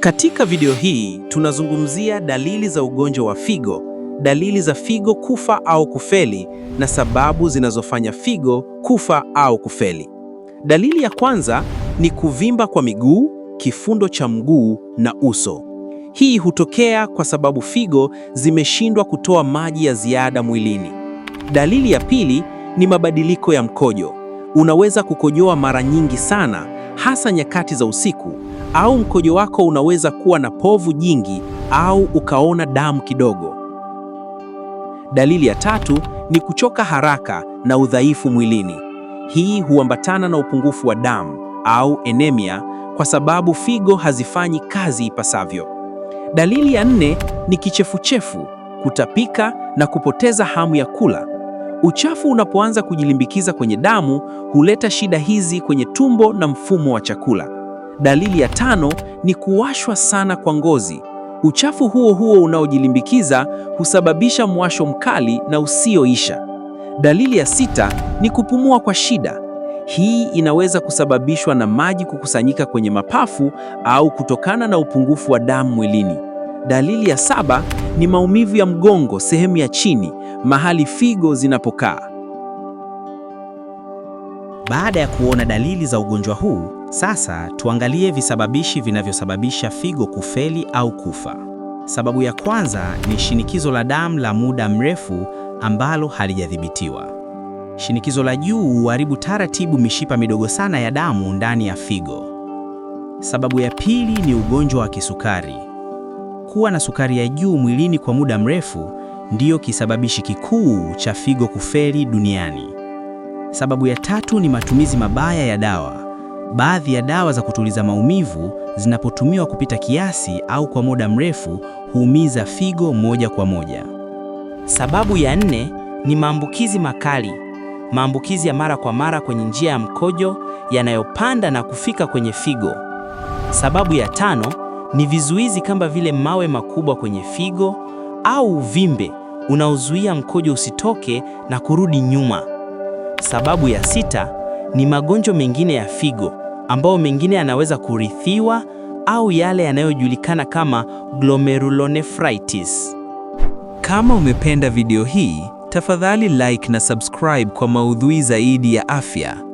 Katika video hii tunazungumzia dalili za ugonjwa wa figo, dalili za figo kufa au kufeli na sababu zinazofanya figo kufa au kufeli. Dalili ya kwanza ni kuvimba kwa miguu, kifundo cha mguu na uso. Hii hutokea kwa sababu figo zimeshindwa kutoa maji ya ziada mwilini. Dalili ya pili ni mabadiliko ya mkojo. Unaweza kukojoa mara nyingi sana hasa nyakati za usiku, au mkojo wako unaweza kuwa na povu jingi au ukaona damu kidogo. Dalili ya tatu ni kuchoka haraka na udhaifu mwilini. Hii huambatana na upungufu wa damu au anemia kwa sababu figo hazifanyi kazi ipasavyo. Dalili ya nne ni kichefuchefu, kutapika na kupoteza hamu ya kula. Uchafu unapoanza kujilimbikiza kwenye damu huleta shida hizi kwenye tumbo na mfumo wa chakula. Dalili ya tano ni kuwashwa sana kwa ngozi. Uchafu huo huo unaojilimbikiza husababisha mwasho mkali na usioisha. Dalili ya sita ni kupumua kwa shida. Hii inaweza kusababishwa na maji kukusanyika kwenye mapafu au kutokana na upungufu wa damu mwilini. Dalili ya saba ni maumivu ya mgongo sehemu ya chini mahali figo zinapokaa. Baada ya kuona dalili za ugonjwa huu, sasa tuangalie visababishi vinavyosababisha figo kufeli au kufa. Sababu ya kwanza ni shinikizo la damu la muda mrefu ambalo halijadhibitiwa. Shinikizo la juu huharibu taratibu mishipa midogo sana ya damu ndani ya figo. Sababu ya pili ni ugonjwa wa kisukari. Kuwa na sukari ya juu mwilini kwa muda mrefu ndiyo kisababishi kikuu cha figo kufeli duniani. Sababu ya tatu ni matumizi mabaya ya dawa. Baadhi ya dawa za kutuliza maumivu zinapotumiwa kupita kiasi au kwa muda mrefu huumiza figo moja kwa moja. Sababu ya nne ni maambukizi makali. Maambukizi ya mara kwa mara kwenye njia ya mkojo yanayopanda na kufika kwenye figo. Sababu ya tano ni vizuizi kama vile mawe makubwa kwenye figo au uvimbe unaozuia mkojo usitoke na kurudi nyuma. Sababu ya sita ni magonjwa mengine ya figo ambayo mengine yanaweza kurithiwa au yale yanayojulikana kama glomerulonephritis. Kama umependa video hii, tafadhali like na subscribe kwa maudhui zaidi ya afya.